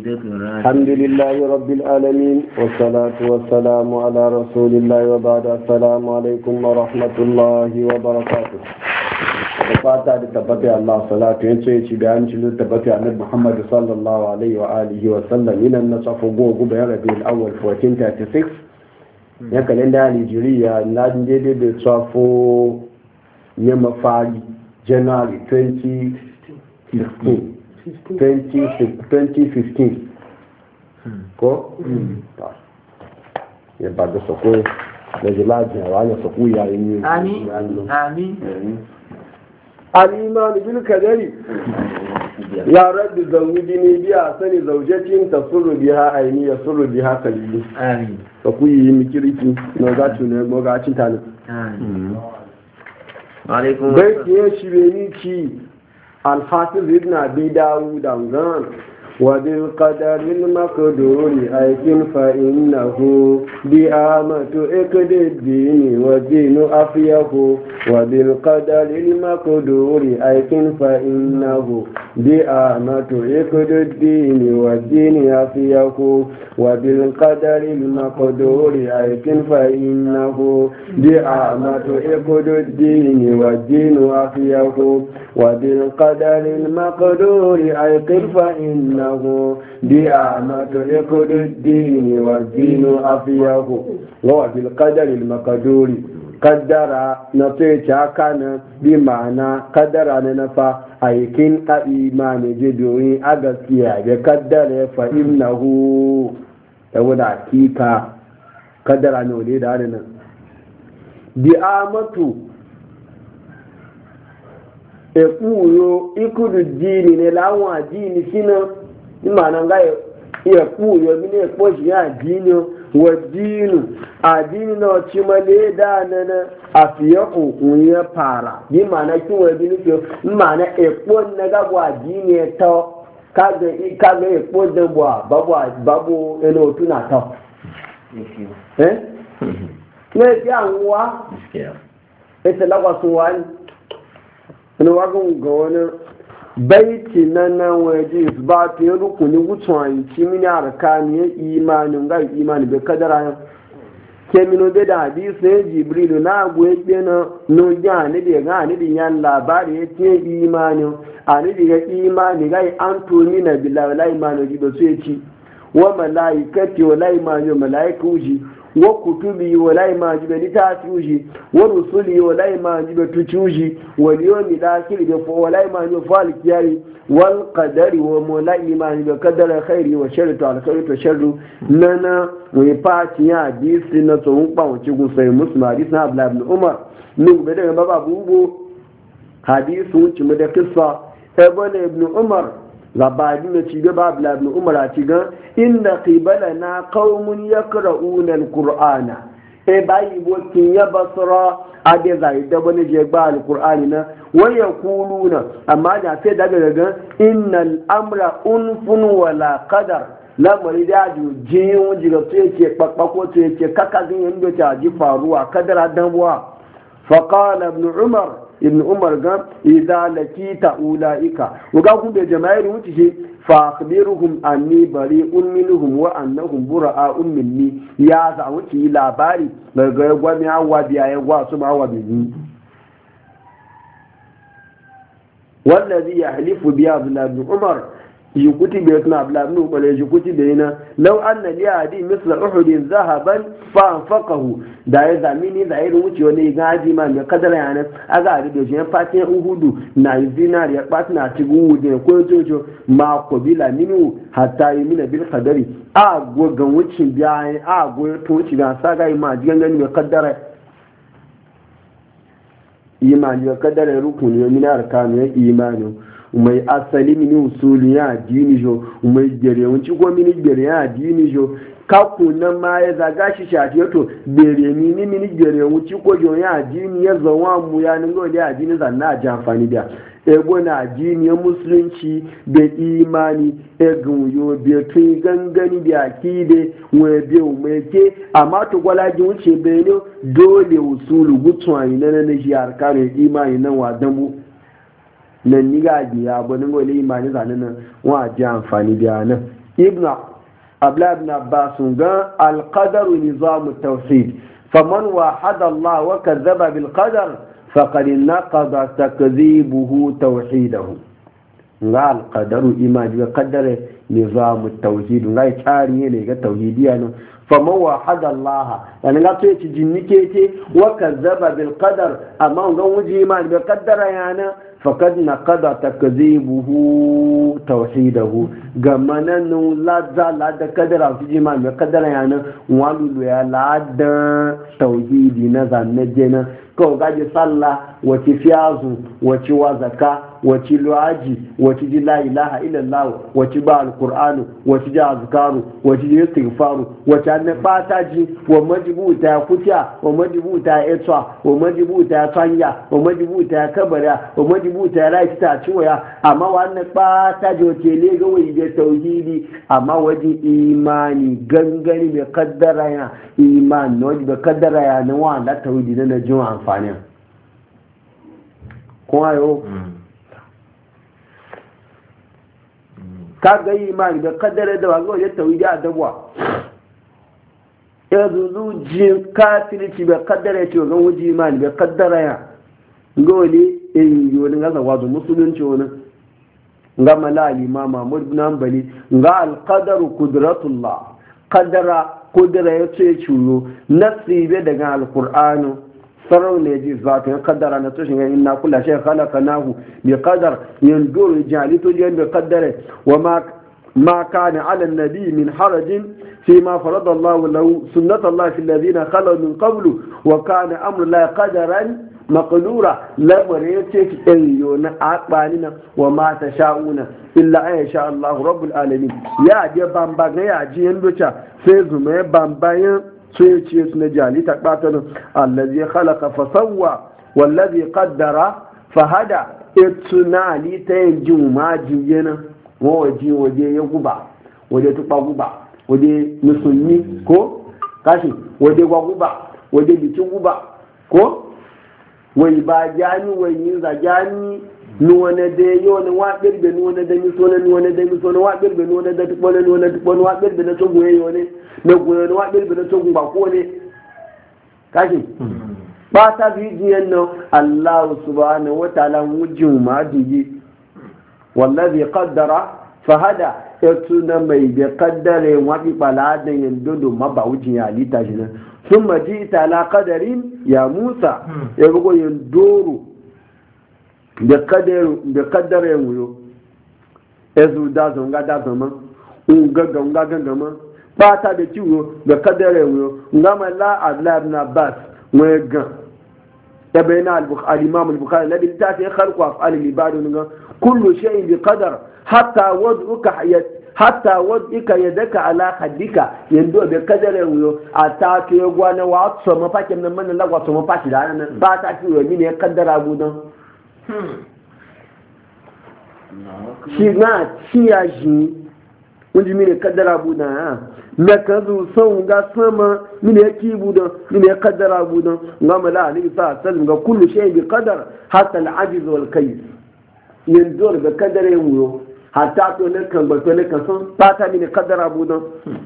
الحمد لله رب العالمين والصلاة والسلام على رسول الله وبعد السلام عليكم ورحمة الله وبركاته fata da tabbata Allah salatu ya ce ci bayan ci tabbata annabi Muhammad sallallahu alaihi wa wa sallam ina na safo gogo bayan Rabiul Awwal 1436 ya kalenda Nigeria na daidai da safo ya mafari January 2015 ko? ya hmm. ba da sako na jilajin wa yi al'imanu bil kadari ya rabbi biya sani zaujatin ta suru biya aini ya suru biya kalbi ku yi mikiriki na gacu ne magacin talib hmm. bai kiyan shi bai ni alhafiz ibn abi dawud an gan وبالقدر المقدور أيك فإنه بآمة إكد الدين والدين أفيه وبالقدر المقدور أيك فإنه بآمة إكد الدين والدين أفيه وبالقدر المقدور أيك فإنه بآمة إكد الدين والدين أفيه وبالقدر المقدور أيك فإنه له بأعمة يقود الدين والدين أفيه وهو المقدور قدر نطيع كان بمعنى قدر نفا aikin a imani jidoyi a gaskiya da kaddara fa innahu da wani hakika kaddara da ikudu jini ne lawan jini shi imana ngayo yakuyo mine yakoshi ya dino wa dino adini na chimale dana na afiya kokun ya para bi mana kin wa bi nufi mana ekpo na ga wa dini ta kaga kaga ekpo e da wa babu babu eno otu na eh ne ti e anwa ese lagwa suwan ni wagun baiti na nan waje ba ta yi rukuni wucin a mini arkani ya imani ga imani bai kadara yau kemino bai da hadisu ya jibrilu na agwa ya ce na nogi a ni ga a nidi yan labari ya ce imani a ni da ga imani ga an tuni na bilawa laimani ji da su ya ci wa mala'ikati wa la'imani wa mala'iku ji wa kutubi wa lai ma jibe litatuji wa rusuli wa lai ma jibe tutuji wa liyomi lakiri da fa wa lai ma jibe falik yari wal qadari wa mulai ma jibe kadara khairi wa sharri to alkhairi to sharru nana wa fati ya hadisi na to mun pa wuce gun sai muslim hadisi na abdullah ibn umar nun be daga baba bubu hadisi wuce mu da kissa ibn umar labari na ci gaba abdullahi umar a ci gan inda qibala na qaumun yaqra'una alqur'ana e bayi bokin ya basra a za zai da wani je gba alqur'ani na wa yaquluna amma da sai daga gan innal amra unfun wala qadar lamari da ju jin jiga to yake kpakpako to yake kakazin yanda ta ji faruwa kadara danwa faqala ibn umar ibn umar ga idza lakita ulaika uga ku be jama'ir wuce shi fa akhbiruhum anni bari'un minhum wa annahum bura'a'un minni ya za wuce labari daga gwami awa biya ya gwa su ma awa biyu wallazi yahlifu bi abdullah umar yukuti bai suna abla ibn ubal ya yukuti da yana law anna li adi misla uhud zahaban fa anfaqahu da ya zamini da irin wuce wani gaji ma mai kadara yana aga ari da shi fatin uhudu na zinari ya pat na tigu wude ko jojo ma ko bila minu hatta yimina bil qadari a go ga wucin biya a go to wuce ga saga ma jigan gani mai kadara imani ya kadara rukuni ya minar kanu ya mai asali mini usuli ya addini jo mai gere wanci ko mini gere ya addini jo kaku na ma ya zaga shi shafi yato bere mini mini gere wanci ko jo ya addini ya zawa mu ya ningo da addini zanna a ji amfani da ego na addini ya musulunci da imani egun yo biya tun gangani da akide wani biya umarke amma to gwalajin wuce bayanin dole usulu gutuwa ne na na shi harkar imani na wadanmu nan ni ga biya bani nan wani imani zane nan wa ji amfani biya nan ibn abla ibn abbas ga alqadar nizam tawhid faman wahada allah wa kadzaba bil qadar faqad naqada takdhibuhu tawhidahu ga alqadaru imani ga qadar nizam tawhid ga tsari ne ga tauhidiya nan faman wahada Allah yana ga to yace jinnike ce wa kazzaba bil qadar amma ga wuji imani ga qadara yana fakad na kada ta ka buhu tausi ga mananin ladza lada kadara su ji ma mai kadara yanan wani ya ladda tauhidi na zanen jena kawai gaji salla wace fiyazu wace wazaka wace luwaji wace ji la ilaha illallah wace ba alqur'anu wace ji azkaru wace ji istighfaru wace annan bata ji wa majibuta ya kuta wa majibuta ya etsa wa majibuta ya sanya wa majibuta ya kabara wa majibuta ya raiki ta ciwaya amma wannan bata ji wace ne ga wai da tauhidi amma waje imani gangani mai kaddara ya imani na waje bai kaddara ya na wa tauhidi na na jin amfani. Kuma mm. yau, ka ga imani ga kaddara da wazo ya tawi a adabwa ya zuzu ji kafirci bai kaddara ya ce wa gan wuji imani bai kaddara ya ga eh, wani in yi wani gasa wazo musulunci wani ga mala al-imam Ahmad ibn Hanbali ga alkadaru kudratullah qudratullah qadara ya ce ciwo nasibe daga alkur'anu sarau ne ji ba ta kaddara na tushin ya inna kula shi khalaqa nahu bi qadar yanzuru jali to yan bi qadare wa ma ma kana ala nabi min harajin fi ma farada Allah lahu sunnata Allah fi alladhina khalu min qablu wa kana amru la qadaran maqdura lamar yace ki dan yona akbani na wa ma ta sha'una illa ay sha Allah rabbul alamin ya je bamba ga ya je yanduca sai zume bambayan so ya ce su na jali ta ɓatan allazi ya halaka fasawa wallazi kaddara fahada etu na alita yin ji ma jiyana waje waje ya guba waje tuba guba waje musulmi ko kashi waje gwa guba waje bikin guba ko wai ba jani wai yin za jani nuwane da yone wa birbe nuwane da ne nuwane da ne wa birbe nuwane da ne nuwane ne wa birbe na togoye wani, na ne wa birbe na togun ba ne. kashi hmm. ba ta fi jiyan nan Allah subhanahu wa ta'ala wujin ma duye wallazi qaddara hada etu na mai da qaddare wa bi baladin yandodo ma ba wujin ya lita shi nan sun maji ita ala qadarin ya Musa ya hmm. bugo yandoro da kaddara ya wuyo ya da dazan ga dazan ungaga ungaga gama ba ta da ciwo da kaddara ya wuyo nga ma la adla ibn abbas mai gan ya bayyana al-imam al-bukhari na littafin khalqu af'al al-ibad nga kullu shay'in bi qadar hatta wad'uka hayat hatta wad'ika yadaka ala khaddika yando da kaddara ya wuyo a ta ke gwana wa tsoma mafakin nan man lagwa so mafaki da nan ba ta ciwo ne kaddara gudan shi na ciya shi wajen mine kaddara budan ha na ka zo son ga sama mine ki budan mine ya kaddara budan ga mala ali sa sallam ga kullu shay bi qadar hatta al ajiz wal yin yanzu ga kaddare wuyo hatta to ne kan ba to ne kan son ba ta mine kaddara budan hmm.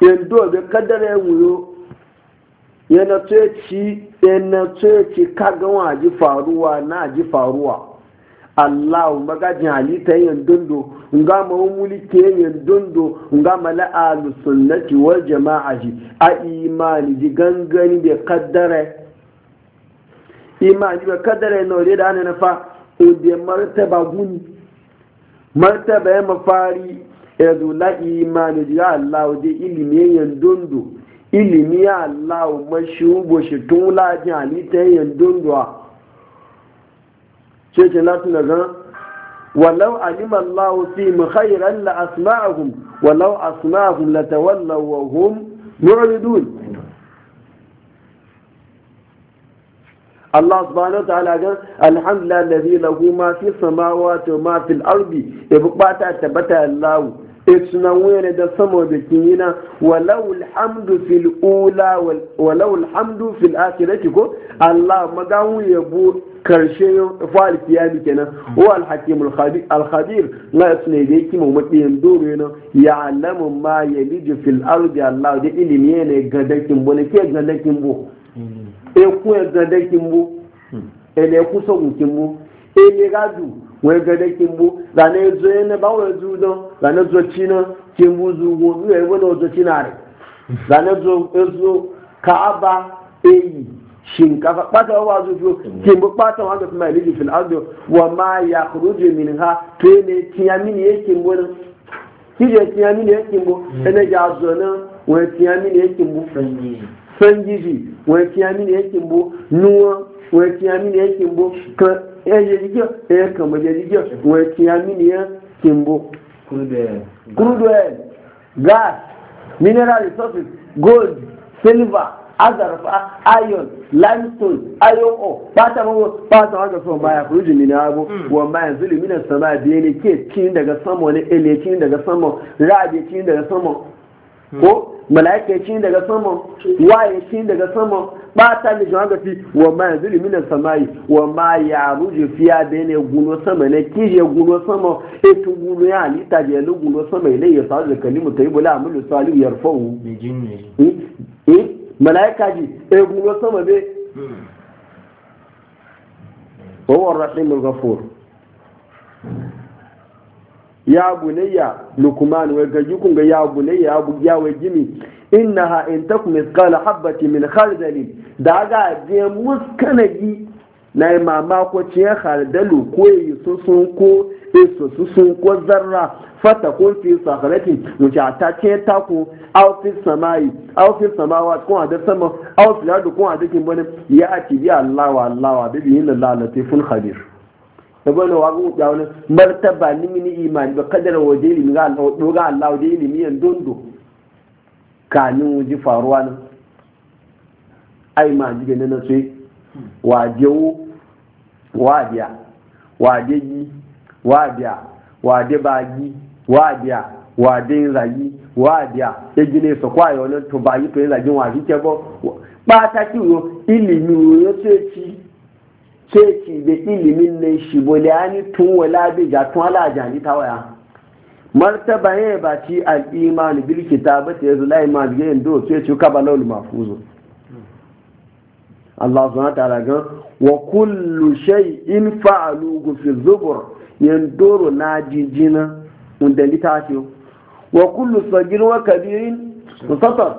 yanzu ga kaddare wuyo yana tsoci yana ci kaga wa ji faruwa na ji faruwa Allah magajin halitta yin dundo nga ma mulki yin dundo nga ma la alu sunnati wal jama'a ji a imani ji gangani da kaddare imani ba kaddare na wuri da ana fa inda martaba guni martaba ya mafari ya zula imani ji Allah da ilimin yin dundo ilimi Allah mashi ugbo shi tun wulajin alita yin dundwa ce ce lati na zan walau alima Allah fi mu khairan la asma'ahum walau asma'ahum la tawallawahum mu'ridun Allah subhanahu wa ta'ala gan alhamdulillah alladhi lahu ma fi samawati wa ma fil ardi ibqata tabata Allah اتنا وين ده سمو بكينا ولو الحمد في الاولى ولو الحمد في الاخره كو الله ما غاو يبو كرشي فال قيامي كنا هو الحكيم الخبير الخبير لا يسني بيكي مو دورينا يعلم ما يلج في الارض الله دي علمي ne gadakin bo ne ke gadakin bo e ku gadakin bo ele ku so kin bo ele du, wee gade kimbu ga na ezo ene ba wee zu udo ga na ezo chino kimbu zu ugwo nwe e ewe na ozo chinari ga na ezo ka aba eyi shi shinkafa kpata wa zu ju kimbu kpata wa ga kuma iliji fil ardo wa ma ya kụrụ yakhruju minha to ne tiyamini yake kimbu kije tiyamini yake kimbu mm. ene ja azụ na wee tiyamini yake kimbu sanjiji wee tiyamini yake kimbu nuwa wee tiyamini yake kimbu ẹyẹ jíjọ ẹyẹ kàmọjẹ jíjọ wọn ti amíniyàn ti ń bọ. crude oil gas mineral resources gold silver azarfa iron limestone iron ore bata mawa bata wanda sun baya furuji min abu mm. wa ma yanzu limina sama biye ne ke cin daga sama ne ele cin daga sama rabi cin daga sama mm. ko mala'ika cin daga sama waye cin daga sama bata ne jama'a fi wa ma yanzu limina samayi wa ma ya ruje fiya da ne guno sama ne kije guno sama e tu guno ya alita je lu guno sama ile ya sa da kalimu ta la amalu salihu yarfa'u bi jinni eh hm? hm? malaika ji e guno sama be hmm. wa rahimul ghafur ya bunayya lukman wai ga yukun ga ya bunayya ya wai gimi innaha in takum misqala habati min khardali da ga je muskanagi na mama ko ce khardalu ko yususun ko isususun ko zarra fata ko fi sahrati wuce ta ce ta ku au fi samai au fi samawa ko da sama au fi ladu ko a dake bane ya ati bi allah wa allah wa bi inna allah latiful khabir da gwamna wa gugu ya wani martaba ni mini imani ba kadara waje ilimi ga Allah doga Allah waje ilimi yan dondo kanin wuji faruwa nan ai ma ji na sai waje wo wadiya waje yi wadiya wade bagi wadiya wade rayi wadiya ejine so kwayo nan to bayi to yin rajin wa kike bo ba ta kiwo ilimi yo sai ci keci da ilimin nan shi boliyani tun wala bi ga tun ala jani ta waya martaba ya ba ci al-iman bil ta yazu lai ma ga yin do ci ka balal mafuzo Allah subhanahu wa ta'ala ga wa kullu in fa'alu fi zubur doro na jijina unda litasho wa kullu sagir wa kabirin musatar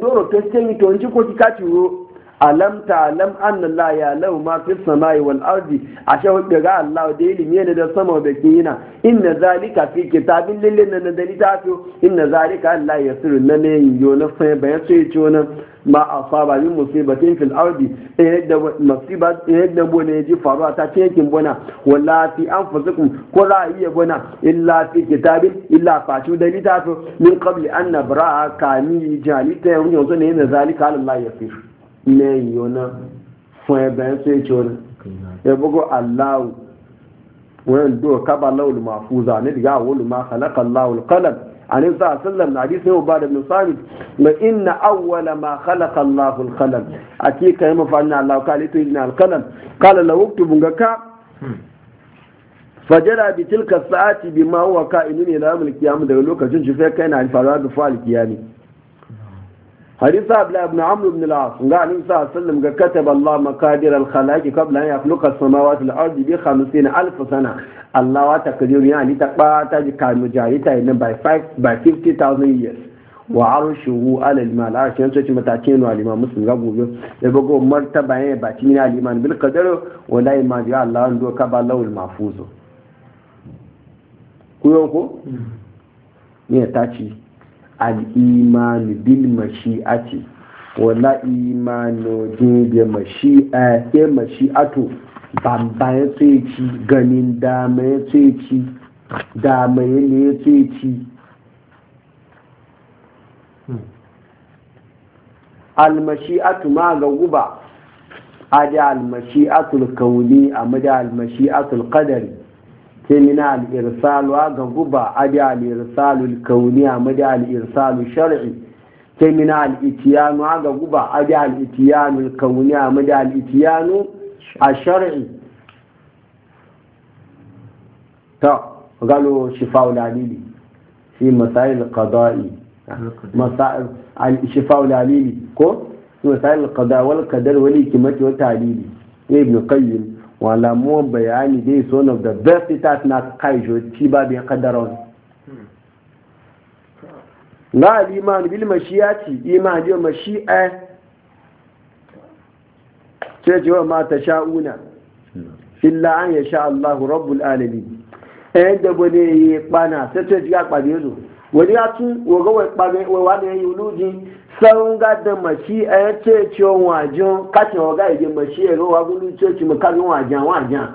doro ta ni tonji ko kikati wo alam ta'lam anna Allah ya lau ma fi samai wal ardi ashe wadda ga Allah da ilimi ne da sama da yana? inna zalika fi kitabin lillin na da litafi inna zalika Allah ya yasiru na ne yiwo na sai bayan sai ce wannan ma asaba min musibatin fil ardi eh, yadda musiba eh, yadda bone ji faruwa ta cikin bona wala fi anfusikum ko za iya bona illa fi kitabin illa fashu da litafi min qabli an nabra kami jalita yanzu ne na zalika Allah ya yasiru na yiwu na fún ẹbẹ̀ ẹ̀sọ́ ètò rẹ̀ ẹ̀bùkọ́ aláwù wọ́n dò kábà láwùlù máa fúza níbi yà wọ́lù máa kàlákà láwùlù kálà àní sáà sallam na hadisi yau ba da misali ga inna awwala ma khalaqa Allahu al-qalam ake kai mafa na Allah ka lito ina al-qalam kala la uktubu ga ka fajara bi tilka sa'ati bima huwa ka'inun ila yawm al-qiyamah daga lokacin shi sai kai na alfara da fa al-qiyamah hadisa abla ibn amr ibn al-as ga annabi sallallahu alaihi wasallam ga kataba Allah maqadir al-khalaiq qabla an yakhluqa as-samawati wal-ard bi 50000 sana Allah wa takdir ya ali takba ta ji kanu jari ta yin by 50000 years wa arshuhu ala al-mal arshi yanzu ce matakin wa al-imam muslim ga gobe da bago martaba ya baci ni al-iman bil qadar wa la iman ka ba al'imanu bil mashi'ati wala imanu dinbe mashi'a ke mashi'ato bamba ya ci ganin dama ya ci dama ya ne ya ci almashi'atu ma ga guba a da almashi'atul kauni a da al qadari semina al'irsalu a ga guba adi al'irsalu kauni a madi al'irsalu shari'i semina al'itiyanu a ga guba adi al'itiyanu kauni a madi al'itiyanu a shari'i ta galo shifa'ul alili fi masail qada'i masail al-shifa'ul alili ko masail qada wal qadar wal hikmati wa ta'lili ibn qayyim mu bayani dai is one of the best itas na kaijo ci ba bin kadaron na al'iman bil mashiyati iman jo mashi'a ce ce wa ta sha'una illa an yasha sha Allahu rabbul alamin ɗayan da bane ya kpana sai ce ji ya kpane zo wani ya tun wagawar kpane wa wani ya yi wuluji sanga da mashi a ya eh, ce cece wajen kashin waga ije mashi ya eh, rowa gudu ce ce mu kazin wajen wajen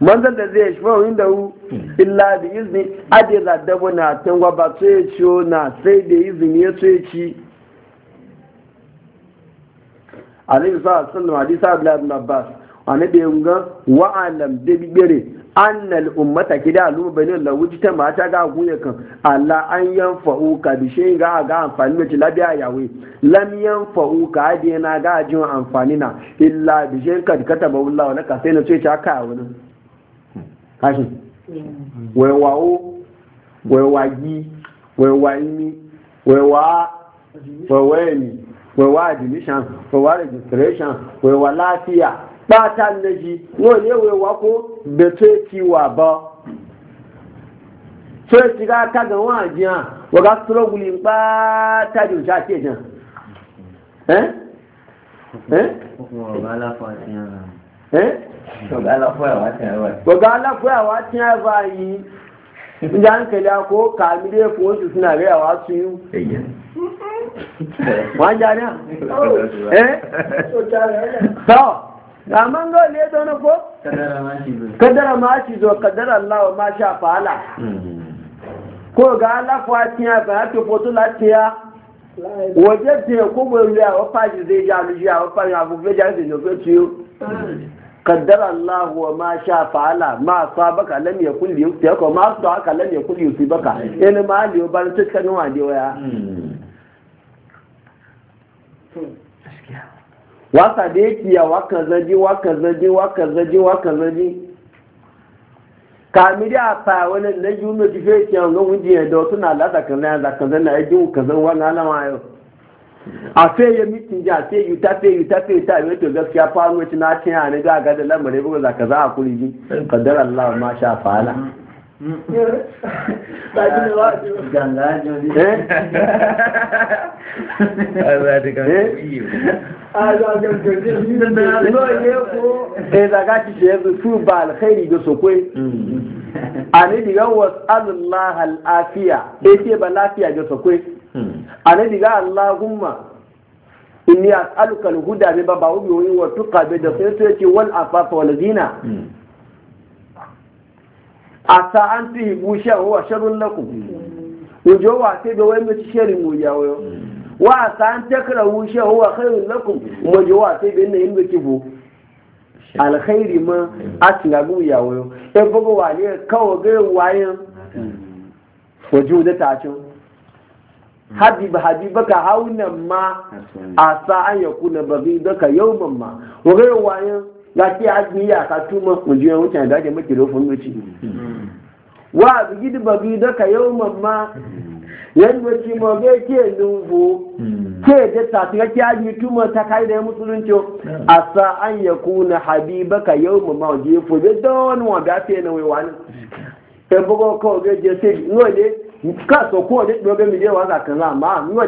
manzan da zai shi mawuyin da hu illa da izini ade dabo na tangwa ba so ya cece na sai da izini ya so ya ci a alaihi sallallahu alaihi abu alaihi sallallahu annabi yunga wa alam da bibire annal ummata da alu banin la wujita ma ta ga guye kan Allah an yanfa'u ka bi shay ga ga amfani mace labiya yawe lam yanfa'u ka ade na ga jin amfani na illa bi shay ka kata ba wallahi wala ka sai na ce ta ka wani kashi wai wawo wai wagi wai wani wai wa wai wani wai wa admission wai wa registration wai wa lafiya bata naji wani wa ba sai shiga ta ga wajen wa ga struggle ba ta ji ta ce jan eh eh wa la fa eh wa la fa wa ta wa ga la fa wa ta ba yi inda hankali ko kamile ko wasu suna su yi wa jana eh amma ga wani ya zaune ko? kaddara ma shi zo kaddara Allah ma sha fa'ala mm-hmm. ko ga Allah fatiya ga hake foto latiya waje ce ko bai ya wa faji zai ja mu ya wa faji abu bai ja zai nufi ciyo kaddara Allah wa ma sha fa'ala ma sabaka lam yakul yusibaka ma baka, lam yusibaka in mm-hmm. ma liyo bar wa ya mm-hmm. hmm. wasa da yake ya waka zaji waka zaji waka zaji waka zaji kami da fa wani na jume ki fe ki an gun jiya da na la da kan na kan zan na yi kan zan wani alama yau a fe ya mitin ja fe yu ta fe yu ta fe ta yi to gaskiya faru wacce na cin a ne ga ga da lamarin ba za ka za a kuri ji kaddar Allah ma sha fa'ala Gàngájọ́ ní. Ààrẹ ti kàn sí yìí. Ààrẹ ọjọ́ ìjọ́ Àníbi ga wasu Allah al'afiya, ɗaya ba lafiya ga sakwai. Àníbi ga Allahumma, inni as'aluka al-huda bi ba wa tuka bi da wal afafa wal zina. asa an tuhibu shan wa sharrun lakun. ujo wa sai da wani mace shirin mu ya wayo wa asa an takrahu shan wa khairun lakun. ujo wa sai da yin da kibo alkhairi ma a tinga gu ya wayo e bugo wa ne kawo ga wayan waju da ta cin habib habibaka haunan ma asa an yakuna bagidaka yau ma wa ga wayan láti agbìyà àkàtúmọ̀ òjú ẹ̀hún tí àdájẹ́ mẹ́kìlọ́ ka méjì wà àbígídì bàbídọ́ kàyẹ́wò mọ̀má ta na habiba kàyẹ́wò mọ̀má òjú ẹ̀fọ́ bẹ́ẹ̀ dọ́wọ́n wọn bẹ́ẹ̀ fẹ́ náà wà ní ẹ̀bọ́gọ́ kọ́ ọ̀gẹ́ jẹ́ sẹ́yìn ní òde káàsọ̀ kú ọ̀dẹ́ gbọ́gẹ́ mi lé wàhálà kan láàmú ní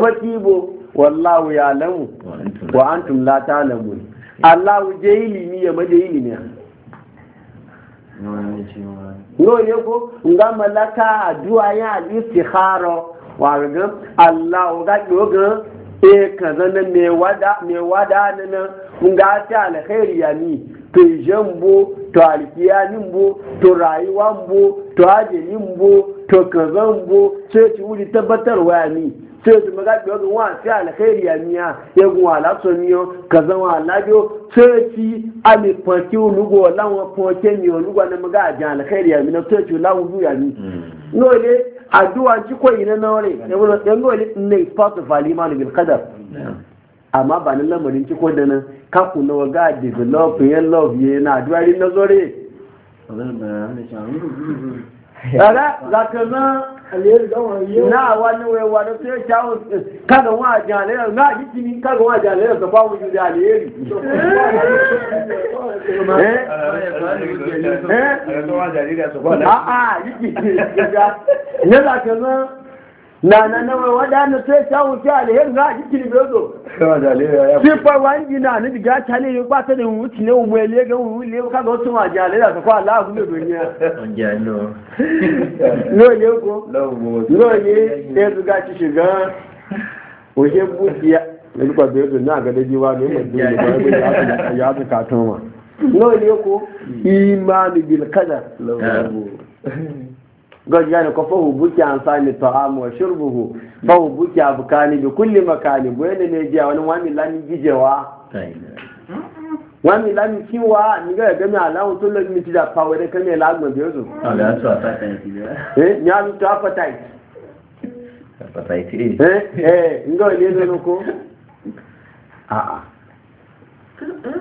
òde ibo wallahu ya lamu wa antum la ta'lamun Allah je ilimi ya maje ilimi no ne ko nga malaka addu'a ya al-istikhara wa ga Allah ga doga e kaza na me wada me wada na nga ta alkhairi ya ni to jambo to alkiya ni bo to rayuwa bo to ajelin bo to kazan bo sai ci wuri tabbatarwa ya ni sai yanzu maga biyar wa sai alkhairi ya miya ya guwa laso miyo ka zama lajo sai ci ami fanki lugo lawo fanke miyo lugo na maga ajan alkhairi ya mina sai ci lawo zu ya mi no le addu'a ci ko ina na wale yan no ne part of aliman bil qadar amma ba nan lamarin ci ko da nan ka ku wa waga develop yan love ye na addu'a rin nazore Kaga za ka na não wani eu da sai shawo kaga cada um a janela ni kaga wa jalera da ba mu a a jiki ne Na na wa na sai ta wuce alheri na ji kiri bezo sifar wani gina ni diga ta ne yi ba ta ne wuce ne umwe le ga umwe le ka ga wasu maji alheri ta kwa Allah ku ne duniya no ne ko no ne ne zuga ci shiga oje budiya ne duka bezo na ga daji wa ne mai dole ba ya ya ta ka no ne ko gajiyani ko fahu buki an sami ta'amu wa shurbuhu fahu buki abu kani bi kulli makani bu yadda jiya wani wani lami gijewa wani lami kiwa ni ga gami alamu tun lagi miti da fawo ah, da kame lagun biyu su eh ya su ta appetite appetite eh eh, eh nga wani ne ko ah, ah. Eh?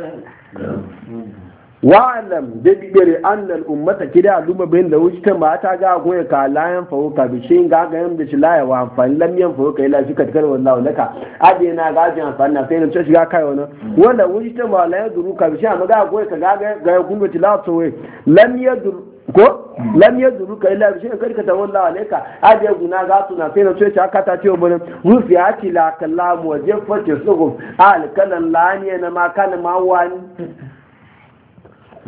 Eh. Hmm. wa'alam da bibiyar annal ummata kida aluma bayan da wuce ta mata ga goya ka layan fawo ka bishin ga ga yan shi laye wa amfani lamyan fawo ka ila shi ka tikar wallahu laka aje na ga ji amfani na sai na ce shiga kai wannan wanda wuce ta ma layan duru ka shi amma ga goya ka ga ga ya kunga tilato wai lam yadur ko lam yadur ka ila bishin ka tikar wallahu laka aje guna ga su na sai na ce haka ta ce mun rufi ati la kallamu wa jafatu sugum al kalan laniya na ma kana ma wani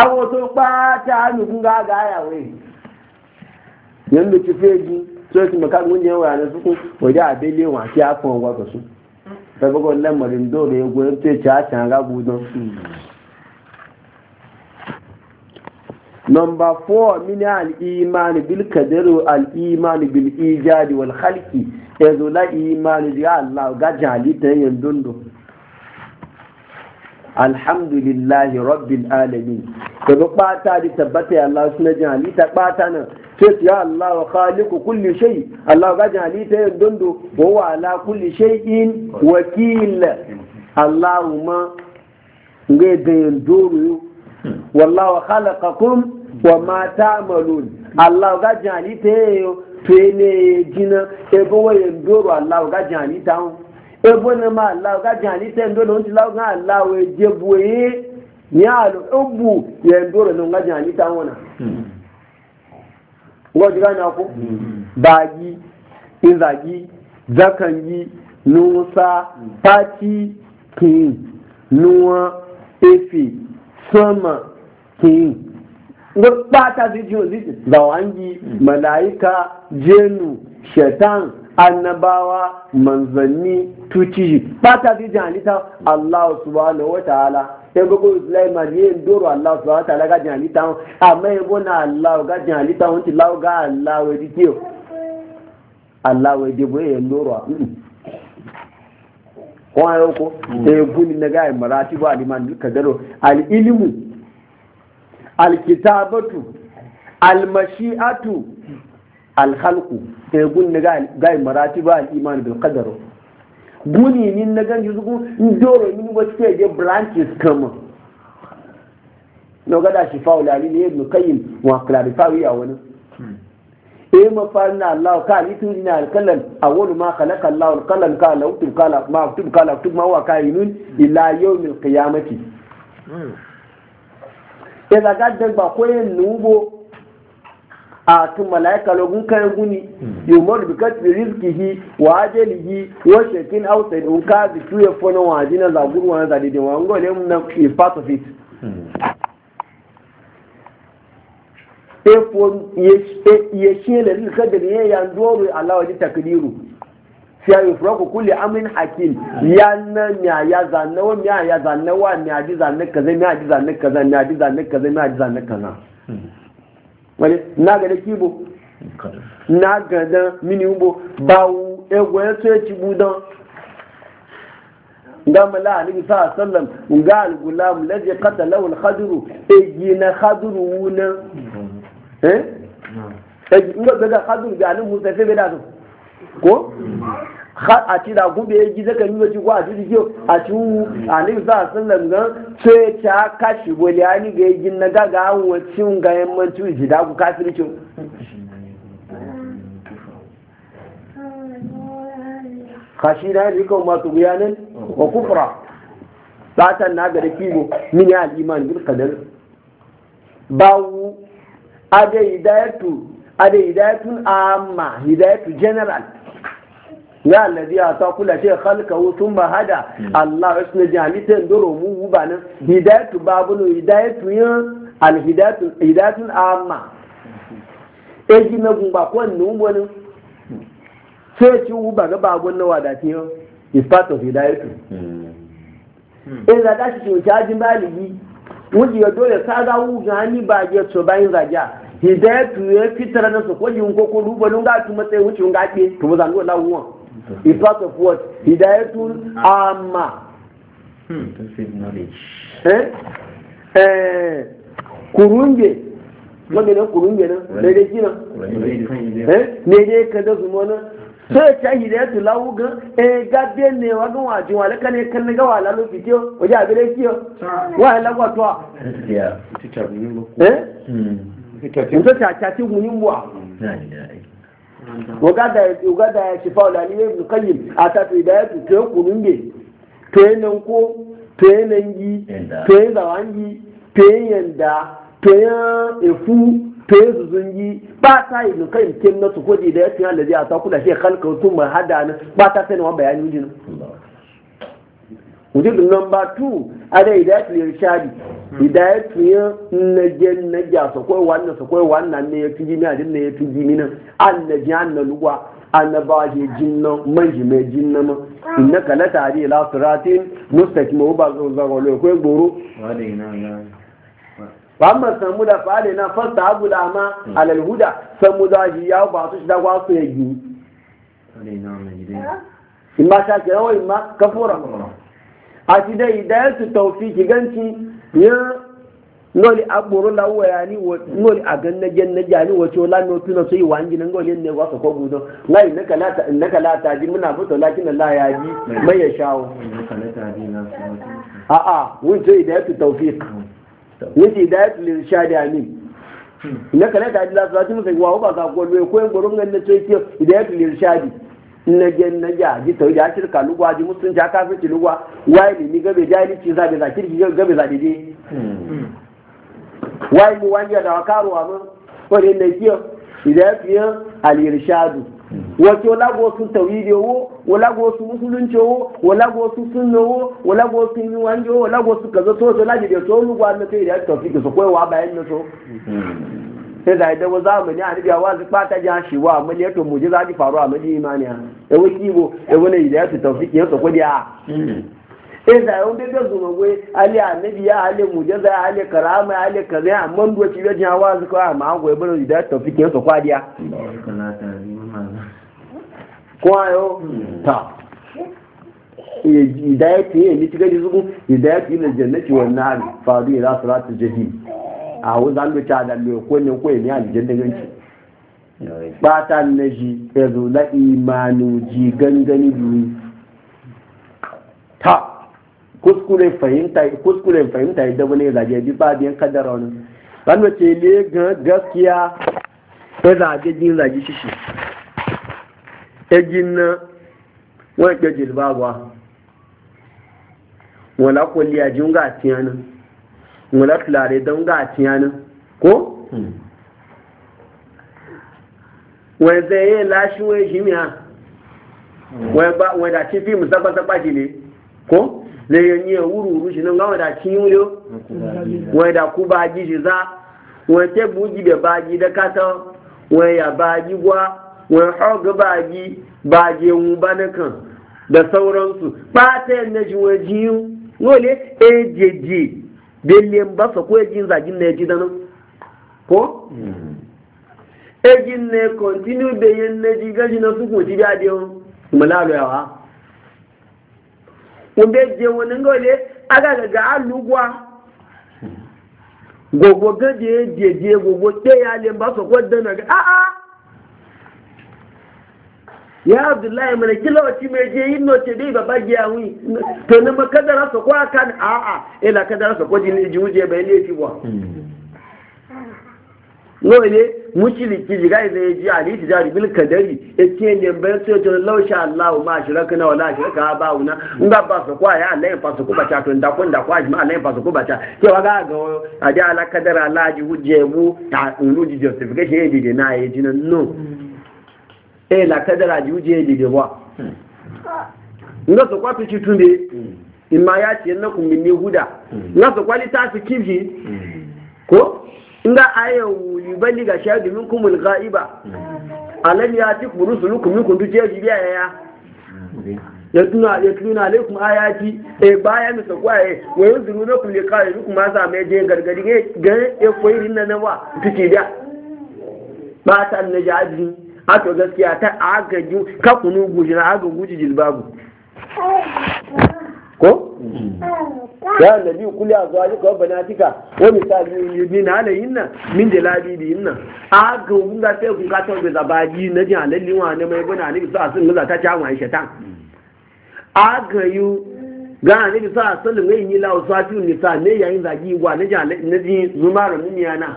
awo to kpata nukun ga ga ya we yan da kife ji so ti maka gunje wa na suku waje abele wa ti afon wa to su ta bugo lamarin dole ya goyen te cha cha ga budon Number four, mini al'imani bil kadiru al'imani bil ijadi wal khalki, ya zo la imani ga Allah ga jali ta alhamdulillahi rabbil alamin daga da tabbata ya Allah suna jin bata nan sai ya Allah wa khaliqu kulli shay Allah ga jin halitta yin dondo wa wa ala kulli shay'in wakil Allahumma ngai da doro khalaqakum wa ma ta'malun Allah ga jin to ne jina e bo doro Allah ga jin ebo na ma Allah ka jani sai ndo non tilaw ga Allah we jebu yi ni alu ubu ya ndo non ga jani ta wona ngo diga na ko mm-hmm. baji inzagi zakangi nusa pati kin nuwa efi sama kin ngo pata di jo di zawangi mm-hmm. malaika jenu shetan annabawa manzanni tuci ba ta fi janita Allah subhanahu wa ta'ala yan gogo islai ma ni en doro Allah subhanahu wa ta'ala ga janita amma en bona Allah ga janita won ti lawo ga Allah we di kiyo Allah we di bo en doro ko ayo mm. ko e buni na ga marati ba liman kadaro al ilmu al kitabatu al mashi'atu al khalqu ya gunni ga marati ba al'imani bil qadar guni ni na gan yuzu ndoro ni wacce ke ga branches kama no gada shi faula ali ne ibn qayyim wa clarifawi a wani ma hmm. eh, mafarna allah ka ali tun ina alqalam awwalu ma khalaqa allah alqalam ka la uktub kala ma uktub ka la ma wa kainun ila yawmil qiyamati hmm. eh ga gadda ba ko yin nubo a tun malaika logun kayan guni yumar bi kasbi hi wa hi wa shekin outside in ka bi tuye fona wa jina za guru wa za dide wa ngole mun na part of it efo ye le ni kadir ye ya ndoro Allah wa takdiru fiya yufraku kulli amin hakim ya na miya ya zanna wa miya ya wa miya ji zanna kaza miya ji zanna kaza miya ji zanna kaza miya ji zanna kaza wani na ga da kibo na ga da mini ubo ba wu egwu ya so ya ci budan ga mala alibi sa sallam ga al-gulam ladhi qatalahu al-khadr ejina khadr wuna eh eh ga khadr ga alibi musa sai da ko har a ci da gube ya ji zaka yi wa cikin ko a ci kyau a cikin wu a ni za a san lamgan sai e ta kashi wani a ga yi gin na gaga a wacce yin ga yammanci e wa ji da ku kafin kyau. kashi na yi kawo masu guyanin wa kufra satan na gari kibo mini al'iman bil kadar bawu adai hidayatu adai hidayatu amma hidayatu general ya allazi ata kula shay khalqahu thumma hada hmm. Allah isna jamitan duro mu banan hidayatu babulu hidayatu ya al hidayatu hidayatu amma e ji na gumba ko nu wani sai ci u ba ga babun na wada ti is part of hidayatu in hmm. da dashi ci ta ji maligi wuji ya dole ta ga wu gani ba je so bayin zaja hidayatu ya fitara na so ko yin ko ko rubanun ga tu matsayin wuce ga ke to ba zan go lawuwan It's part of what? Hidayatul Amma. Hmm, eh? Eh, kurunge. Wanda ne kurunge nan? Me dai kina? Eh? Me dai ka da zumo nan? Sai ta hidayatul lawu eh, ga eh gabe ne wa ga waje hmm. wa la kane kan ga wala lo Wa la wa to. Yeah. Tita bunyin bo. Eh? Hmm. Tita. Mutu ta ta ti bunyin bo. wagada ya ci faula ne ibn a ta fi da ya ce to kunun be to yanan ko to yanan gi to yan zawangi to yanda to yan efu to yan gi ba ta yi qayyim kin na su kodi da ya ce Allah zai ta kula shi khalqa tun ba hada na ba ta sai na bayani wujin wujin number 2 ada idatul irshadi hidayatu ya naje na so ko wannan so ko wannan ne ya tuji mina din ne ya tuji mina annabi annan lugwa annaba je jinna manji jin na ma na ah. innaka la tari ila siratin mustaqim ba zo zago lo ko gboro Muhammad samu da fa'ale na fasta abu da ma hmm. alal huda samu da shi ya ba su shi da su ya gi. Imma ah. shakirawa imma kafura. A shi dai hidayatu ki ganci ya ngoli agboro la wo ya ni ngoli agan na gen na ja ni wato la no tuno sai wangi nan ngoli ne wasa ko gudo ngai na kala ta na kala ta ji muna fito lakin Allah ya ji mai ya shawo a a wun sai da ta tawfiq ni ji da ta irshad amin hmm. na kala ta ji la sai mun sai wa ba ka ko ko ngoro ngan na sai da ta irshad na gen na ya ji tau ya ka lugwa ji ja ka fice lugwa wai ni ni gabe ci za be za kirki gabe za dide hmm. Hmm. wai mu wani da wakaruwa mun wani ne kiyo idan fiye al-irshadu hmm. wato lago su tawhidi wo walago su musulunci wo walago su sunna wo walago su yi wo? walago su kaza so so laji da so lugwa na kai da su so wa bayan na so sai da idan wa zamani a nabi wa zuba ta jan shi wa amali to mujiza ji faru amali imani ha e wo kibo e wo ne da ta tawfiki ya so ko dia hmm. sai da yawan bai gazu magwai ali annabi ya ali mujaza ali karama ya ali kaza amma duwa ci yajin hawa zuka amma an goyi bana da tafiki yansa kwadiya kwayo hmm. ta idayati ne ni tiga zugu hidayati ne jannati wannan fadu ila salatu jahim a hau za mu ta da lo ko ne ne aljin da ganci bata na ji ya e zo la imanu ji gangani biyu ta kuskure fahimta kuskure fahimta yadda wani ya e zage bi e ba biyan kadara wani wanda ce ne gaskiya ya zage jin zage shishi ya gina wani ke jilbawa wala kulliya jinga tiyanin wula tulare don ga tiyanin ko? Hmm. wai zai yi lashi wai jimiya hmm. wai da ci fi musabba-sabba shi ne ko? zai yi yi wuru-wuru shi nan gama da ci yi wuyo wai da ku ba ji shi za wai ke buji da ba ji da kata wai ya ba ji gwa wai hauga ba ji ba ji mu ba na kan da sauransu ba ta yi na ji wai jiyu wale ejeje beliyan ba su ko ejin zagin na eji danin ko? ejin na kontinu de yin na ji gaji na suku ci gadi yau malaru yawa wanda je wani gole aga gaga alugwa gogo gaje je je gogo ɗaya lemba su ko dana ga a'a ah, ah. ya abdullahi mana kila wace mai je yin noce dai ba bagi ya wi to na makadara su kwa kan a'a ila kadara su kwa jini ji wuje bai laifi ba no ne mushriki ji gai zai ji ali tijari bil kadari yake ne bayan sai to law sha Allah ma shiraka na wala shiraka ba una in ga ba su kwa ya Allah ya fasu kuma ta to da kun da kwa jima Allah ya fasu kuma ta ke wa ga ga a da ala kadara la ji wuje bu ta ulu ji justification ya dide na ya ji no hmm. E la kadara juje di de nga so kwa tuchi tunde hmm. imma ya ce na kun minni huda hmm. nga so ta su hmm. ko nga aya wuli bali ga shahadu minkum al-ghaiba alam yatikum rusulukum minkum tuje di biya ya yatuna yatuna alaikum ayati e baya mi sakwa e, wa yuzuru kum liqa'i kuma za mai je gargadi ga e koyirin nan wa tuci da ba ta annajaji a to gaskiya ta agaju ju ka kunu guji na agan guji jilbabu ko ya annabi kulli azwajika wa banatika wa misali yudina alayhinna min jalabibihinna aka gunga sai kun ka tawo zabaji na jin halalli wa ne mai bana ne sa sun gaza ta ta wa shaitan aka yu ga annabi sa sallallahu alaihi wa sallam ne lawo sa ne yayin zagi wa na jin zuma na.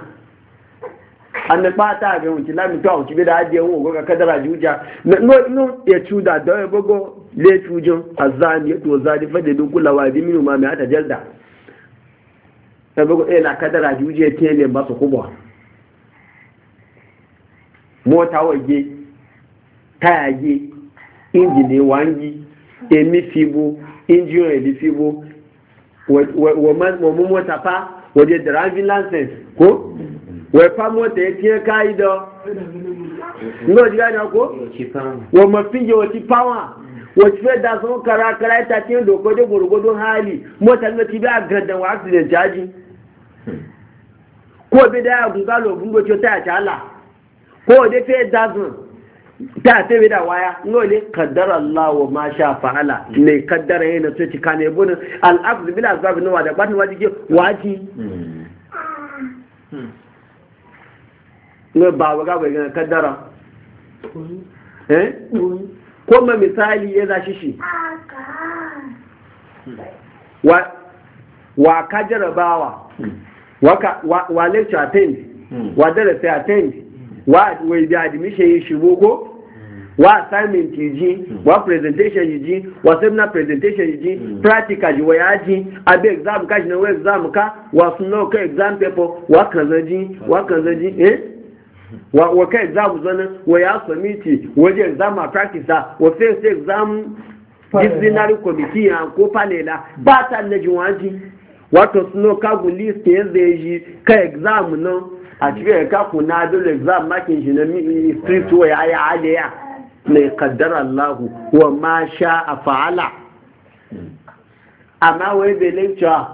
An annan a ga wuce lami to wuce bi da ajiye wo goga kadara juja no no ya cuda da ya gogo le a azani to zali fa da dukula wa bi minu ma mai ata jalda ta gogo eh na kadara juje tele ba su kubwa mota waje taya injini inji ne wangi emi fibo inji yi edi fibo wa wa mota pa waje driving license ko wai famo da ya fiye kayi da ngo ji gani ko wa mafinje wa ti pawa wa ti da sun kara kara ta ti do ko de gurgudun hali mota ne ti ba gadan wa accident jaji ko bi da gun ga lo gun go ta ta ala ko de fe da sun ta ta bi da waya ngo ne qaddara Allah wa ma sha fa'ala ne qaddara yana to ti kane bunin al-afd bil asbab nawa da batun waji waji ne ba wa gaba gina kaddara eh ko ma misali ya zashi shi wa wa ka jarabawa wa lecce attend wa darasi attend wa wai da admission yi shigo ko wa assignment ji wa presentation ji wa seminar presentation ji practical ji wa yaji abi exam ka shi na wa exam ka wa snow ka exam paper wa kanzaji wa kanzaji eh wa kai exam zana wa ya samiti waje exam a practice wa sai exam disciplinary committee ya ko panela ba ta na jiwaji wato ka kagun list ya zai yi ka exam no a cikin ka na dole exam makin shi na street wa ya ya aliya ne qaddara Allah wa ma sha a fa'ala amma wai bai lecture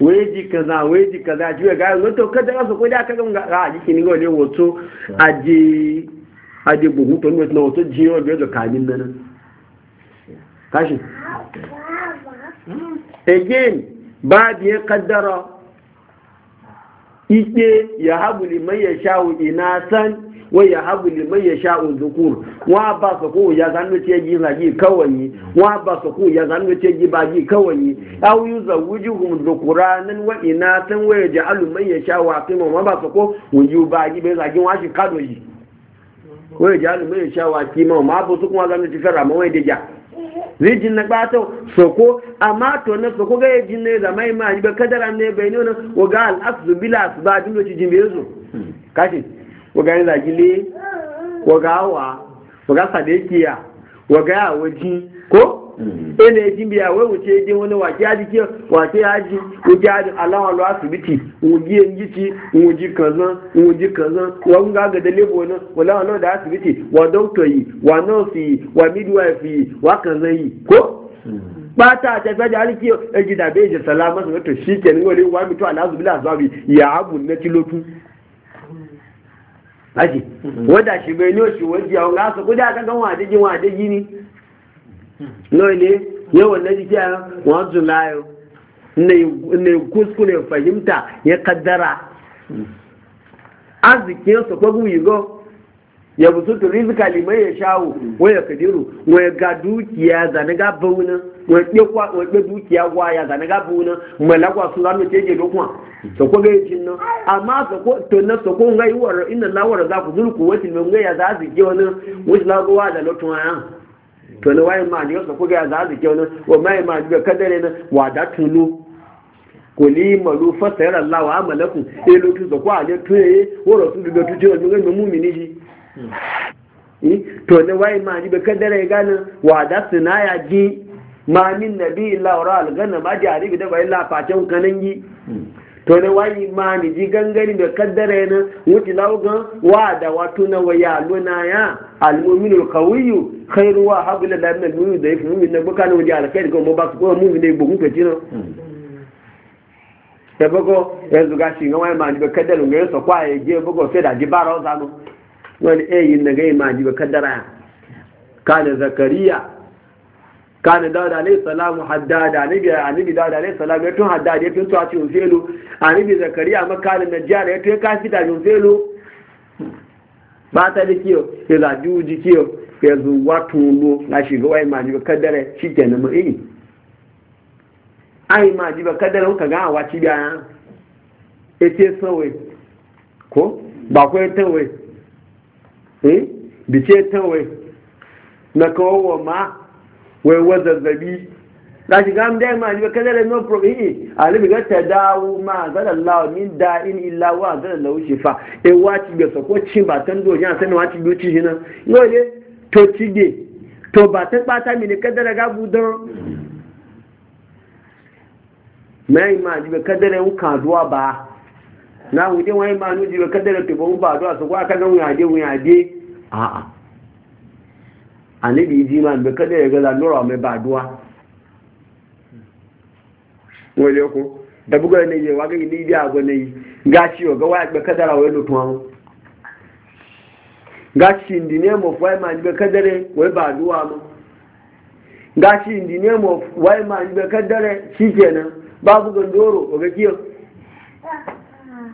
weji kaza weji kaza jiwe ga yanzu to kada ka ko da ka ga ga jiki ni gole wato aje aje buhu to ne na wato jiyo be da kamin nan kashi again ba biye kaddara ike ya habu liman ya sha na-asan. wai ya habu liman ya sha zukur wa ba su ko ya zanu ce ji zagi kawai ba su ko ya zanu ce ji ba ji kawai aw yuzawujuhum dhukuranan wa inatan wa wa ma ba su ko wuju ba ji be zagi wa shi kado yi wa yaj'alu man yasha wa qima ma su ma wai na gbata soko amma na soko ga da ma ba kadara ne bai ne wa ga al asbu bil asba ci kashi waga yin waga awa waga sadekiya waga awaji ko mm-hmm. eji bi awe wuce eji wani wake aji ke wake aji wuce aji alawan lo asibiti wuji enjiti wuji kazan wuji kazan wọn ga ga dale bo nan da asibiti wa doctor yi wa nurse yi wa midwife yi wa kazan yi ko mm-hmm. bata eji da bai salama su to shi ke ya na kilotu aji mm-hmm. wadda shi bai ne shi wajen yawon gasa kudi aka gan wadegi wadegi ne no ne yawan na jiki a wanzu layo ne kuskure fahimta ya kaddara mm-hmm. arzikin su kwa gumigo ya busu tu rizika liman ya shawo wa ya kadiru wa ya ga dukiya zane ga bauna wa ya kwa wa ya dukiya wa ya zane ga bauna malakwa su zamu ce je dokwa to ko ga yin nan amma so ko to na so ko ngai war inna la war za ku zulku wati mun ga ya za su ke wani wuce la ruwa da lotun ayan to ne wai ma ne so ko ga za su ke wani wa mai ma ga kadare na wa da tulu kòlí mọ̀lú fọ́sẹ̀rẹ̀ láwọ̀ àmọ̀lẹ́kùn èlò tó sọ̀kọ́ àjẹ́ tó yẹ wọ́rọ̀ tó dùgbẹ́ tó jẹ́ ọdún gẹ́gẹ́ mú Hmm. Eh? to ne wai ma ji be kaddare gani wa da ya ji ma min nabi illa wa ra'al gana ma ji ari bi da bai la facen kanangi hmm. to ne wai ma ni ji gangani be kaddare na wuti lawgan wa da wato na ya luna ya al-mu'minul qawiyyu khairu wa habla da min mu'min da yafi min na buka ne waje alkhairi ko ba su ko mu'min ne bugu ka jina hmm. ya bago yanzu gashi ga wai ma ni be kaddare ngai so kwa ya je bago sai da ji baro zanu wani eh yin na gai ma jiba kaddara kana zakariya kana dawud alayhi salamu haddada anibi anibi dawud alayhi salamu ya tun haddada ya tun tsaci unzelo anibi zakariya ma na najjar ya tun kafi da unzelo ba ta da kiyo ya la juji kiyo ya wato no na shiga wai ma jiba kaddara shikenan mu eh ai ma jiba kaddara ka ga waci da ya ce sawai ko ba ko ya tawai Eh? bice tawai na kawo ma wai wa zazzabi da shiga mu dai ma jiba kadara no problem alimi ga ta dawo ma zalla Allah min da da'in illa wa zalla lahu shifa e wati be so ko cin ba tan do yan san wati do ci hina yo ne to ci de to ba ta pata mi ne kadara ga budon mai ma jiba kadara u ka duwa ba na wuje wai ma nu jiba kadara to ba ba duwa so ko aka ga wuya de wuya de. a'a annabi ji ma be kada ya ga zanura mai baduwa wale ko da bugar ne je waga ni biya go ne gaci ga wa be kada rawo lo tuwa gaci ndi ne mo fa ma be kadare we baduwa mo gaci ndi ne mo wa ma be babu ga kiyo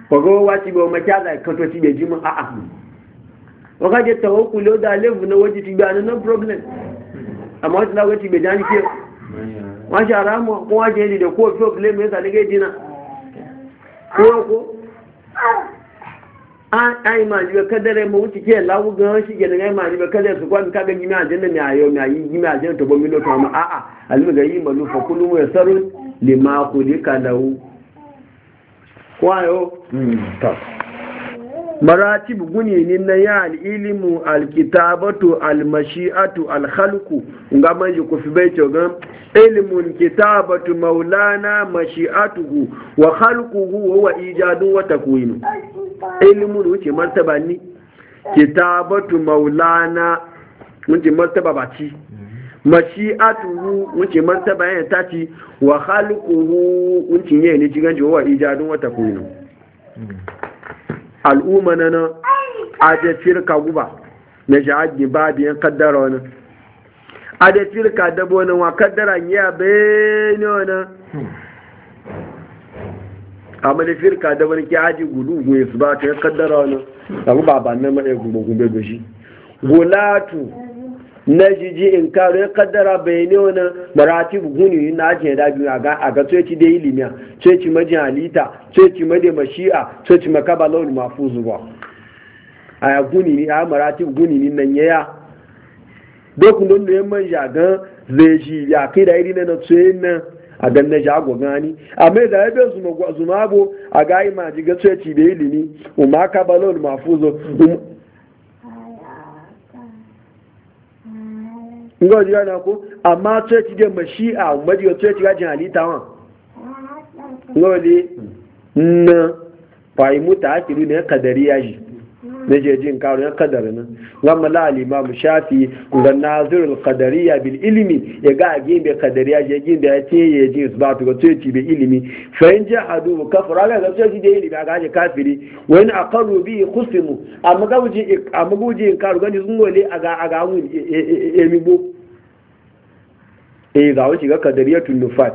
ko go wati go ma kaza kanto ti be a'a ọ̀ká jẹ́ tàwọ́kù ló dá léèfù náà wọ́n ti ti gbé àná no problem àmọ́ ti láwọ́ ti gbèjà ní kí ọ wọ́n ṣe ara mọ̀ kó wọ́n jẹ́ ìdìdẹ̀ kó òfin òfin lẹ́mìí sàlẹ́gẹ́ dínà kó wọ́n kó ayi ma jibe kadare mo wuti ke lawu gan shi ke ngai ma jibe kadare su kwami kaga gimi ajanna mi ayo mi ayi gimi ajanna to bomi lotu ma a a alimi ga yi malu fa kullu mu yasaru lima kulika maratib gune ne na ya al'ilimu alkitabatu almashi'atu alhalku ga manji ku fi bai cogan ilimun kitabatu maulana mashi'atuhu wa halkuhu wa wa ijadun wa takwinu ilimun wuce martaba ni kitabatu maulana martaba mashi'atuhu wuce martaba ya tati wa halkuhu wuce ne ne cikin wa ijadun wa takwinu hmm. al'umma na nan da firka guba na ba babiyan kaddara wani da firka dabo wani wa kaddara ya bayani wani ma da firka dabo wani ke aji gudu gwe su ba ta kaddara wani abu ba ba nan ma ya gumbe da shi gulatu na jiji in karo ya kaddara bayani wani marati buhuni na ajiye da biyu a ga tsoci da ilimiya tsoci majin halita tsoci made mashi'a tsoci makabala wani mafuzu ba a ya guni a marati buhuni ni nan yaya dokun don da yamman jagan zai shi ya kai da iri na na tsoyin na a ga na jago gani a mai da yabe zuma abu a ga ima jiga tsoci da ilimi umar kabala wani mafuzu um, ngo ji yana ko amma to ci ga mashi'a umadi to ci ga jin halitta wa ngo li na faimu ta akiru ne kadari yaji na je jin karo ya kadar nan gama la alimamu shafi ga nazirul qadariya bil ilmi ya ga agin be qadariya je gin da yace ya ji to ga tuci be ilimi. fa in jahadu kafara ga ga tuci da ilimi ga je kafiri wa in aqarru bi qusimu amma ga wuji amma ga wuji karo ga sun wole aga aga mun emibo e, e, e, eh ga wuci ga qadariyatun nufat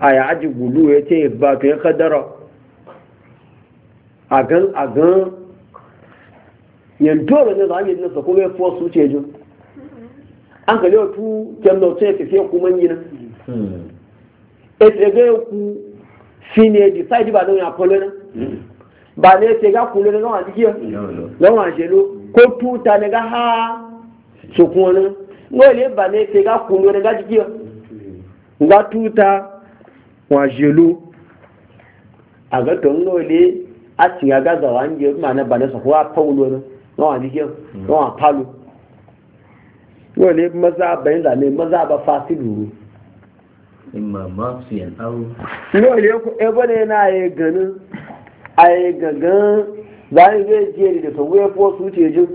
a ya aji gulu ya ce ba ka yi a gan a gan yanzu da ne zami na sa kuma ya fuwa su ce jin an ka lewa tu kyan na ce ka fiye fi ne decide ba don ya folo na ba ne ce ga kulo na lawan jikiya lawan shelo ko tuta ne ga ha su kuma na ngole na ga wa jelo a ga tongo le a tinga ga za wa nje ma na bana so wa paulo no no wa dike no wa palo wale maza ba inda ne maza ba fasidu imma mafiyan au wale ko e bane na ye ganin ai gagan zai zai je da sauye ko su ce jin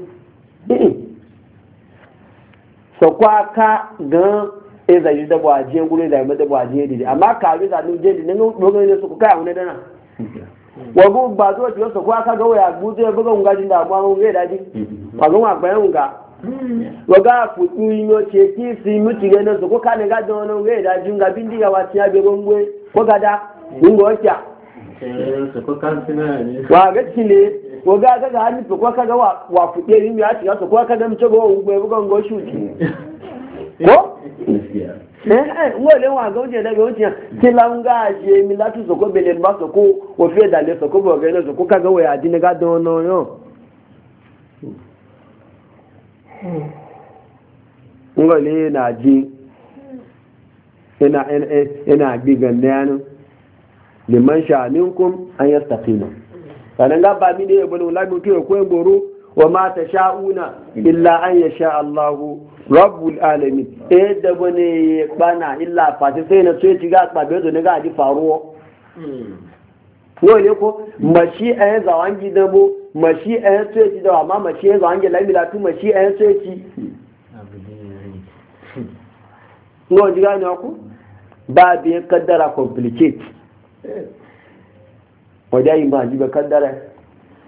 sakwa ka gan e zai yi dabo ajiye gure zai mai dabo ajiye dide amma kawai zai nun jeji nan dogon ne su ku kai wani dana wago ba zo ti so ko aka ga waya guje buga unga din da amma unga daji ba ga wa bayan unga waga ku tuyo ce ki si muti ga nan so ko kale ga don unga daji unga bindi ga wati ya be gongwe ko gada unga okya wa ga cile waga ga ga hannu ko kaga wa wa fuɗe yin ya ci so ko kaga mu ce go unga buga unga shuti ko wọ́n wà gán jẹ́ lẹ́gbẹ̀ẹ́ oúnjẹ tí láńgá ṣe mi láti sọ̀kọ́ bẹ̀lẹ̀ bá sọ̀kọ́ òfin ẹ̀dàlẹ̀ sọ̀kọ́ bọ̀ọ̀gẹ́ náà sọ̀kọ́ kágọ́wẹ̀ àdínigá dán ọ̀nà náà ngọle yana ji yana bi wa ma ta sha'una illa an ya sha Allahu rabbul alamin eh da bane bana illa fati sai na so ci ga kpabe zo ne ga ji faruwa ko ne ko mashi ayan zawan gidan bo mashi ayan so ci da amma mashi ayan zawan gidan lamila tu mashi ayan so ci no ji ga ne ko ba bi kaddara complicate wajen yi ba ji ba kaddara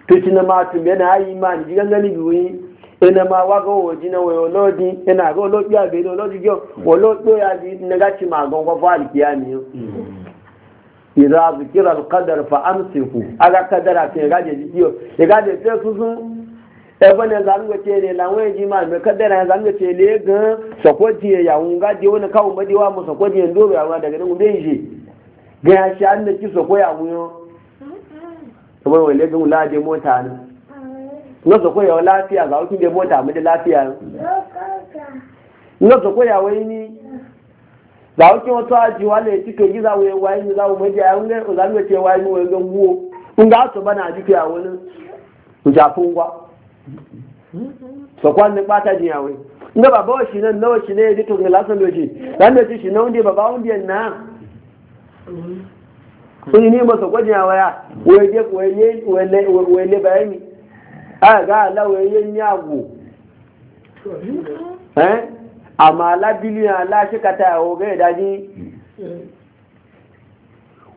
Tuti na matu yana ayi ma ji gangani biyu ina ma waga waje na wayo lodi ina ga lodi ya bi lodi jo lodi ya bi na gaci ma gon ko fa alkiyami hmm. idza zikira alqadar fa amsiku aga kadara ke gaje jiyo ya gaje sai su sun e bane zan ga ce ne lawan ji ma me kadara zan ga ce le ga sakwaji ya wunga je wani kawo madiwa mu ndo ya daga ga kuma wale gan mota ne na koyawa lafiya ga wakil da mota mu da lafiya na su koyawa yi ni ga wakil wata ajiwa ne za mu maji a yanzu za mu ce wayi mu wani gan in ga su bana jike a wani jafin gwa su kwanin bata jiyawai nga baba wa shi nan nawa shi ne ya ji tun lasan loji dan da shi na wunde baba wunde na sun ni masa gwajin waya wele bayani a ga ala wele yago eh amma ala biliyan ala shi kata ya oga idaji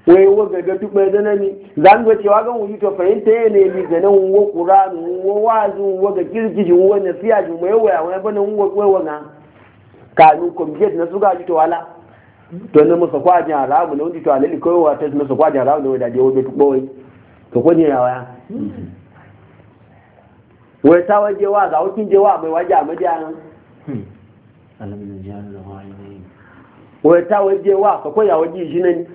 wai wo gaga duk mai zana ni zan ga cewa gan wuyi to fahimta ya ne mi ganin wo qur'an wo wazu wo ga kirkiji wo nasiya ju mai waya wai bana wo ko ga kanu komjet na suga ji to wala to ne musa kwajin haramu ne wanda to alali kawai wata su musa kwajin haramu ne wadda da wajen tukowai to kwajin yawa wai ta waje wa za wakin je wa mai waje a madiyanin wai ta waje wa ka kwaya waje shi ne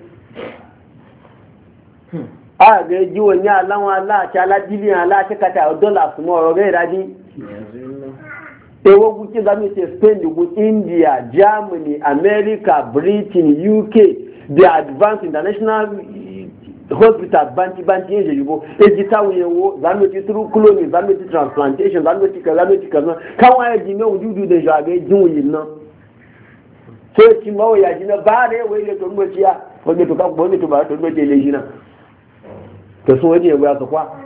a ga ji wani alawa ala ta ala biliyan ala ta kata dola su ma ọrọ gaira ji ewo guki za mu spain gu india germany america britain uk the advanced international eh, hospital banti banti yin jejibo eji táwọn yẹn wo zanoti through cloning zanoti transplantation zanoti kan zanoti kan náà káwọn ayé di náà ojú dùdú ìjọ àgbẹ̀ jíwò yìí náà tó o ti mọ́ òyà jìnnà báàrẹ̀ ìwé ilé tó ń gbé sí a wọ́n gbé tó ká gbọ́n gbé tó bàrẹ̀ tó ń gbé délé yìí náà tẹ̀sán wọ́n ní ìwé àtọ̀kọ́ a.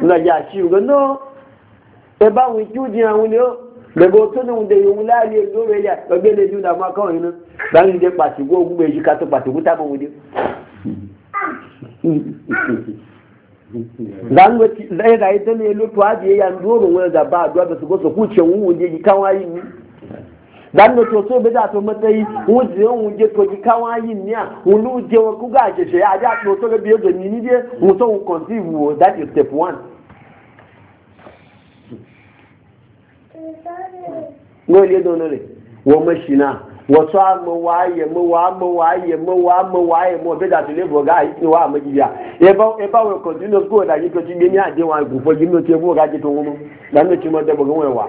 ńlọjà sí ìgbọ́n náà ẹ wọn kí ó di àwọn ilé ó gbẹ̀gbẹ̀ tó ní òun dèyí òun láàrin èdè ó rẹ̀ yà gbẹ̀gbẹ̀ lè dúró àwọn akọ́rin náà láàrin ìdè pàṣípò ogun méjì ká tó pàṣípò tábọ̀ wọn dé. zanweti zai zai ta ne lutuwa da ya yanzu ruwan da ba a duwa da su gosa kuce wuwun da ya kawo yi dan da to so be da to matsayi wuje wuje to ji kawa yin niya wulu je wa ku ga je ya ja to to be da ni ni je mu so conceive wo that is step 1 ngoli do nore wo mashina wo so mo wa ye mo wa mo wa ye mo wa mo wa ye mo be da to le bo ga yi wa mo ji ya e ba e ba continue go da yi to ni wa fo ji e bo ga ji to mo ti mo de bo ga wa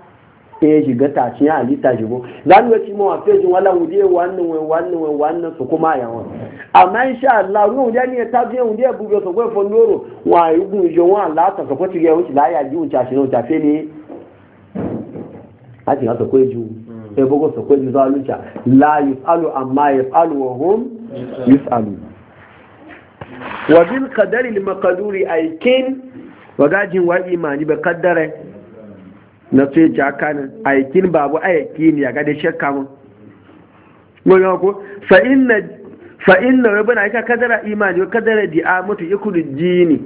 sai shiga tashin ya halitta shigo za mu ci mawa sai jin wala wuje wannan wai wannan wai wannan su kuma ya wani amma insha Allah ruwan wuje ne ta je wuje bugo so ko fondoro wa yugun je wa Allah ta ka fati ga wuce la ya ji wuce shi no ta fe ne a ti ga so ko ju e bugo so ko ju za lucha la yusalu amma yasalu wa hum yusalu wa bil qadari al maqduri ay kin wa gajin wa imani ba kaddare na so jakanin aikin babu aiki ne ga da shakka mu goyo ko fa inna fa inna kadara imani wa kadara di'a mutu yakulu jini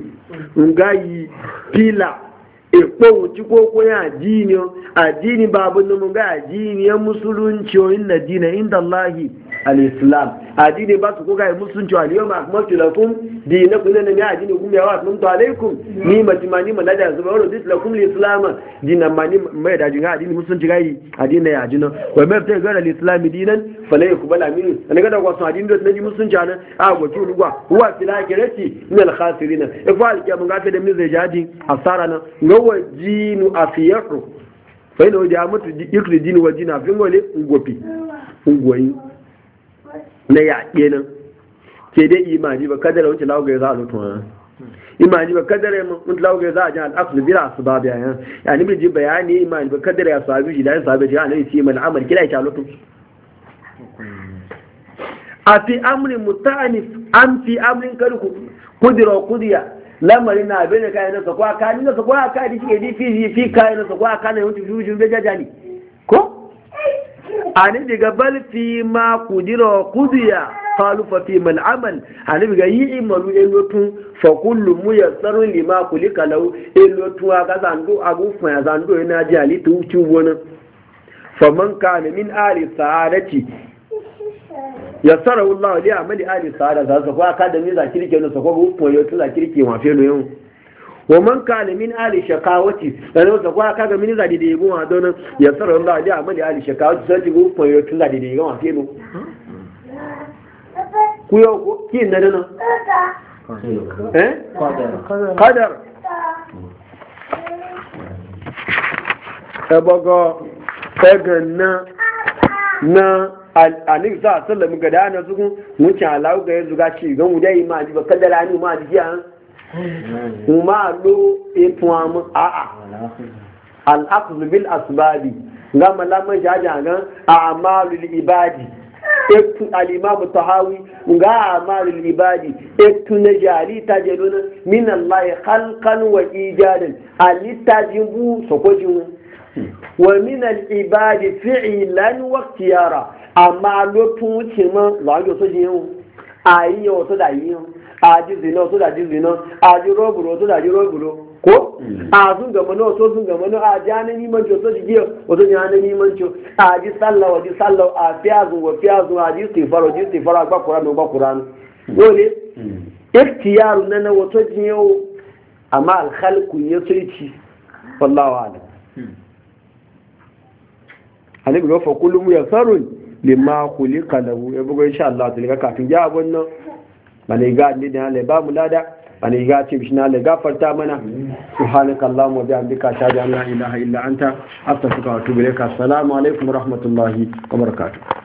ngayi pila ikpo wuci ko ya addini addini babu numu ga addini musulunci o na dina inda Allahi al-islam addini basu ko ga musulunci ma kuma akmaltu dina kuna inna ga addini kuma ya wa atmamtu alaikum ni matimani ma nada zuba wa raditu lakum al-islam dina mani mai da jinga addini musulunci ga addini ya addini wa mai ta ga al-islam dinan fana yakbal amin ne ga da ko sun addini da musulunci ana a go tu ruwa huwa fil akhirati min al-khasirin ifa al mun ga ta da mi zai jadi asara na fawa jinu a fiyarru fai na wajen mutu ikri jini wa jina fi wale ungwafi ungwayi na yaƙe nan ke dai imani ba kadara wancan lawa ya za a lutun wani imani ba kadara mun lawa ya za a jan al'asul bila su ba biya yan ya ni bil ji bayani imani ba kadara ya sabi shi da ya sabi shi ana yi mal amal kila ya lutu a fi amrin mutanif an fi amrin karku kudira kudiya lamari na abin da kayan nasa kwa kani nasa kwa kani shi ke di fi fi kayan nasa kwa kani wuce fi wuce bai ne ko a ni diga bal fi ma kudira kudiya qalu fa fi mal amal ani daga yi imalu elotu fa kullu muyassaru lima a ga zando a zandu ya zando zandu ina jali tu wuce wani famanka kana min ali sa'adati yasara Allah li amali ali sa'ada za su kwa ka da ni za kirke ne su kwa ko yo tun za kirke ma fe loyin wa man kana min ali shakawati ne su kwa ka ga min za dide go ma don yasara Allah li amali ali shakawati sai go ko yo tun za dide go fe ku yo ku kin da nan eh kadar qadar ebogo egan na na za a sallam ga dana na kun mun halawu ga yanzu ga ci gan wudai ma ji ba kaddara ni ma ji ya ma lo e tuwa mu a a al aqd bil asbabi ga malama jaja ga a'malu lil ibadi ekun imam tahawi ga amalul ibadi ekun na jali ta jeluna min allahi khalqan wa ijadan alitajin bu sokojin wa min al ibadi fi'lan wa ikhtiyara àmà ló tún ń ṣe mọ́ lọ́jọ́ tó ṣe yẹn o àyíyàn ọ̀tọ́ dà yíyàn àjùzì náà tó dàjú zì náà àjùrọ̀bùrọ̀ hmm. tó dàjú rọ̀bùrọ̀ kó àzúngàmọ́ náà tó zúngàmọ́ náà àjẹ́ anánímọ̀jì ọ̀tọ́ ti jẹ́ ọ̀tọ́ ni anánímọ̀jì àjẹ́ sálọ ọ̀jẹ́ sálọ àfẹ́ àzùn wọ̀fẹ́ àzùn àjẹ́ ìsìnfọ́rọ̀ àjẹ́ ìsìnfọ́rọ̀ agbákùnrin mi wọ́n lé ìfìyàrù nana wọ́tọ́ jẹ́ o àmà alhálùkù yẹn tó ìtì fọláwà àdà. àníbi lọ́fọ̀ kúlùmù yẹn sọ́rùn yìí lima kuli kalabu ya bugu insha Allah ta kafin ya abun nan ne ga ne da ba mu lada ba ne ga ce bishina da gafarta mana subhanaka allahumma wa bihamdika ashhadu an la ilaha illa anta astaghfiruka wa atubu ilaik assalamu alaikum wa rahmatullahi wa barakatuh